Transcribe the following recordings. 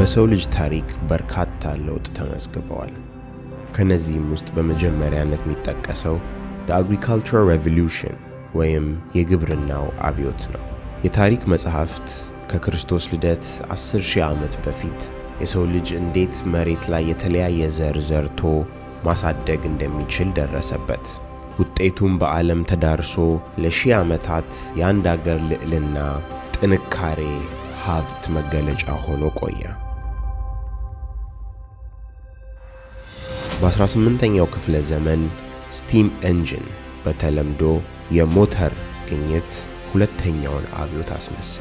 በሰው ልጅ ታሪክ በርካታ ለውጥ ተመዝግበዋል። ከነዚህም ውስጥ በመጀመሪያነት የሚጠቀሰው ዘ አግሪካልቸራል ሬቮሉሽን ወይም የግብርናው አብዮት ነው። የታሪክ መጽሐፍት ከክርስቶስ ልደት 10 ሺህ ዓመት በፊት የሰው ልጅ እንዴት መሬት ላይ የተለያየ ዘር ዘርቶ ማሳደግ እንደሚችል ደረሰበት። ውጤቱም በዓለም ተዳርሶ ለሺህ ዓመታት የአንድ አገር ልዕልና፣ ጥንካሬ፣ ሀብት መገለጫ ሆኖ ቆየ። በ18ኛው ክፍለ ዘመን ስቲም ኤንጂን በተለምዶ የሞተር ግኝት ሁለተኛውን አብዮት አስነሳ።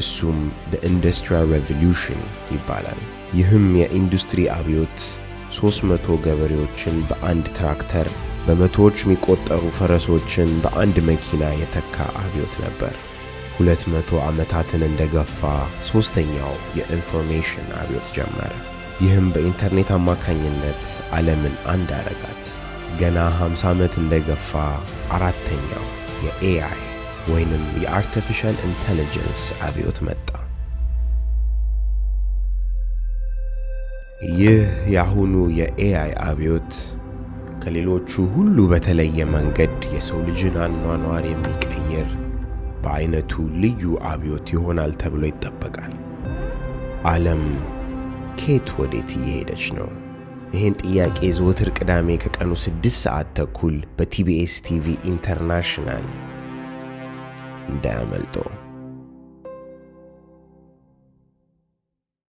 እሱም ዘ ኢንዱስትሪያል ሬቮሉሽን ይባላል። ይህም የኢንዱስትሪ አብዮት 300 ገበሬዎችን በአንድ ትራክተር በመቶዎች የሚቆጠሩ ፈረሶችን በአንድ መኪና የተካ አብዮት ነበር። 200 ዓመታትን እንደገፋ ሦስተኛው የኢንፎርሜሽን አብዮት ጀመረ። ይህም በኢንተርኔት አማካኝነት ዓለምን አንድ አረጋት። ገና 50 ዓመት እንደገፋ አራተኛው የኤአይ ወይንም የአርቲፊሻል ኢንተለጀንስ አብዮት መጣ። ይህ የአሁኑ የኤአይ አብዮት ከሌሎቹ ሁሉ በተለየ መንገድ የሰው ልጅን አኗኗር የሚቀይር በአይነቱ ልዩ አብዮት ይሆናል ተብሎ ይጠበቃል። ዓለም ኬት ወዴት እየሄደች ነው? ይህን ጥያቄ ዘወትር ቅዳሜ ከቀኑ ስድስት ሰዓት ተኩል በቲቢኤስ ቲቪ ኢንተርናሽናል እንዳያመልጠው።